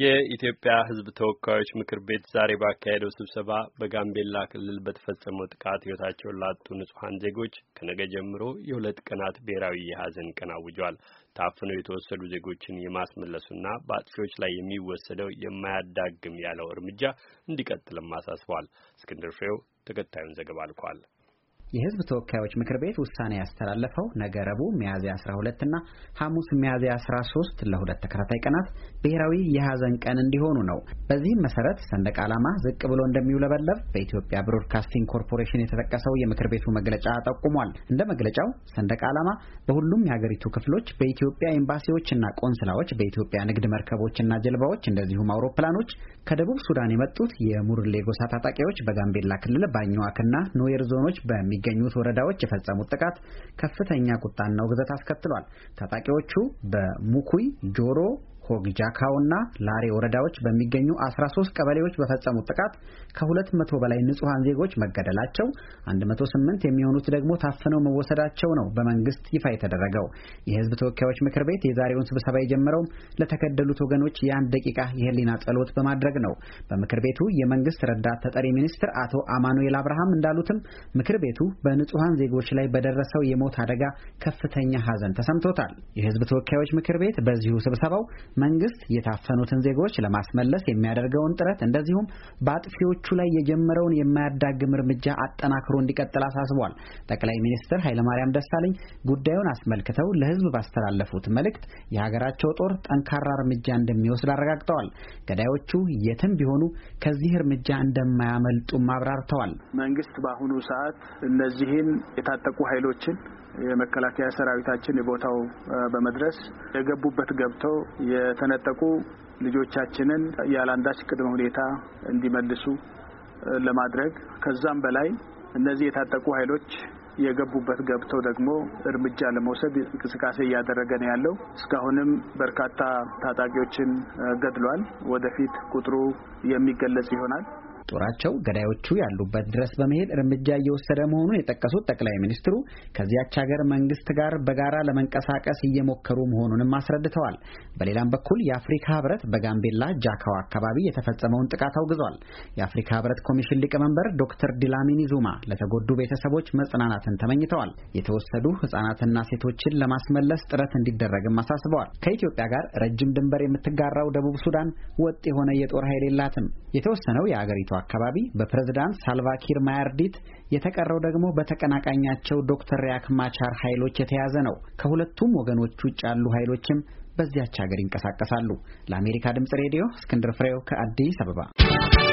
የኢትዮጵያ ሕዝብ ተወካዮች ምክር ቤት ዛሬ ባካሄደው ስብሰባ በጋምቤላ ክልል በተፈጸመው ጥቃት ሕይወታቸውን ላጡ ንጹሐን ዜጎች ከነገ ጀምሮ የሁለት ቀናት ብሔራዊ የሐዘን ቀን አውጇል። ታፍነው የተወሰዱ ዜጎችን የማስመለሱና በአጥፊዎች ላይ የሚወሰደው የማያዳግም ያለው እርምጃ እንዲቀጥልም አሳስቧል። እስክንድር ፍሬው ተከታዩን ዘገባ አልኳል። የህዝብ ተወካዮች ምክር ቤት ውሳኔ ያስተላለፈው ነገ ረቡዕ ሚያዝያ 12 እና ሐሙስ ሚያዝያ 13 ለሁለት ተከታታይ ቀናት ብሔራዊ የሐዘን ቀን እንዲሆኑ ነው። በዚህም መሰረት ሰንደቅ ዓላማ ዝቅ ብሎ እንደሚውለበለብ በኢትዮጵያ ብሮድካስቲንግ ኮርፖሬሽን የተጠቀሰው የምክር ቤቱ መግለጫ ጠቁሟል። እንደ መግለጫው ሰንደቅ ዓላማ በሁሉም የሀገሪቱ ክፍሎች በኢትዮጵያ ኤምባሲዎችና ቆንስላዎች፣ በኢትዮጵያ ንግድ መርከቦችና ጀልባዎች እንደዚሁም አውሮፕላኖች ከደቡብ ሱዳን የመጡት የሙርሌ ጎሳ ታጣቂዎች በጋምቤላ ክልል ባኝዋክና ኖየር ዞኖች በሚ የሚገኙት ወረዳዎች የፈጸሙት ጥቃት ከፍተኛ ቁጣና ውግዘት አስከትሏል። ታጣቂዎቹ በሙኩይ ጆሮ ጃካው እና ላሬ ወረዳዎች በሚገኙ 13 ቀበሌዎች በፈጸሙት ጥቃት ከ200 በላይ ንጹሐን ዜጎች መገደላቸው 108 የሚሆኑት ደግሞ ታፍነው መወሰዳቸው ነው በመንግስት ይፋ የተደረገው። የህዝብ ተወካዮች ምክር ቤት የዛሬውን ስብሰባ የጀመረውም ለተገደሉት ወገኖች የአንድ ደቂቃ የህሊና ጸሎት በማድረግ ነው። በምክር ቤቱ የመንግስት ረዳት ተጠሪ ሚኒስትር አቶ አማኑኤል አብርሃም እንዳሉትም ምክር ቤቱ በንጹሐን ዜጎች ላይ በደረሰው የሞት አደጋ ከፍተኛ ሐዘን ተሰምቶታል። የህዝብ ተወካዮች ምክር ቤት በዚሁ ስብሰባው መንግስት የታፈኑትን ዜጎች ለማስመለስ የሚያደርገውን ጥረት እንደዚሁም በአጥፊዎቹ ላይ የጀመረውን የማያዳግም እርምጃ አጠናክሮ እንዲቀጥል አሳስቧል። ጠቅላይ ሚኒስትር ኃይለማርያም ደሳለኝ ጉዳዩን አስመልክተው ለህዝብ ባስተላለፉት መልእክት የሀገራቸው ጦር ጠንካራ እርምጃ እንደሚወስድ አረጋግጠዋል። ገዳዮቹ የትም ቢሆኑ ከዚህ እርምጃ እንደማያመልጡም አብራርተዋል። መንግስት በአሁኑ ሰዓት እነዚህን የታጠቁ ኃይሎችን የመከላከያ ሰራዊታችን የቦታው በመድረስ የገቡበት ገብተው የተነጠቁ ልጆቻችንን ያለአንዳች ቅድመ ሁኔታ እንዲመልሱ ለማድረግ ከዛም በላይ እነዚህ የታጠቁ ኃይሎች የገቡበት ገብተው ደግሞ እርምጃ ለመውሰድ እንቅስቃሴ እያደረገ ነው ያለው። እስካሁንም በርካታ ታጣቂዎችን ገድሏል። ወደፊት ቁጥሩ የሚገለጽ ይሆናል። ጦራቸው ገዳዮቹ ያሉበት ድረስ በመሄድ እርምጃ እየወሰደ መሆኑን የጠቀሱት ጠቅላይ ሚኒስትሩ ከዚያች ሀገር መንግስት ጋር በጋራ ለመንቀሳቀስ እየሞከሩ መሆኑንም አስረድተዋል። በሌላም በኩል የአፍሪካ ህብረት በጋምቤላ ጃካዋ አካባቢ የተፈጸመውን ጥቃት አውግዟል። የአፍሪካ ህብረት ኮሚሽን ሊቀመንበር ዶክተር ዲላሚኒ ዙማ ለተጎዱ ቤተሰቦች መጽናናትን ተመኝተዋል። የተወሰዱ ህጻናትና ሴቶችን ለማስመለስ ጥረት እንዲደረግም አሳስበዋል። ከኢትዮጵያ ጋር ረጅም ድንበር የምትጋራው ደቡብ ሱዳን ወጥ የሆነ የጦር ኃይል የላትም። የተወሰነው የአገሪቷ አካባቢ በፕሬዝዳንት ሳልቫኪር ማያርዲት፣ የተቀረው ደግሞ በተቀናቃኛቸው ዶክተር ሪያክ ማቻር ኃይሎች የተያዘ ነው። ከሁለቱም ወገኖች ውጭ ያሉ ኃይሎችም በዚያች ሀገር ይንቀሳቀሳሉ። ለአሜሪካ ድምፅ ሬዲዮ እስክንድር ፍሬው ከአዲስ አበባ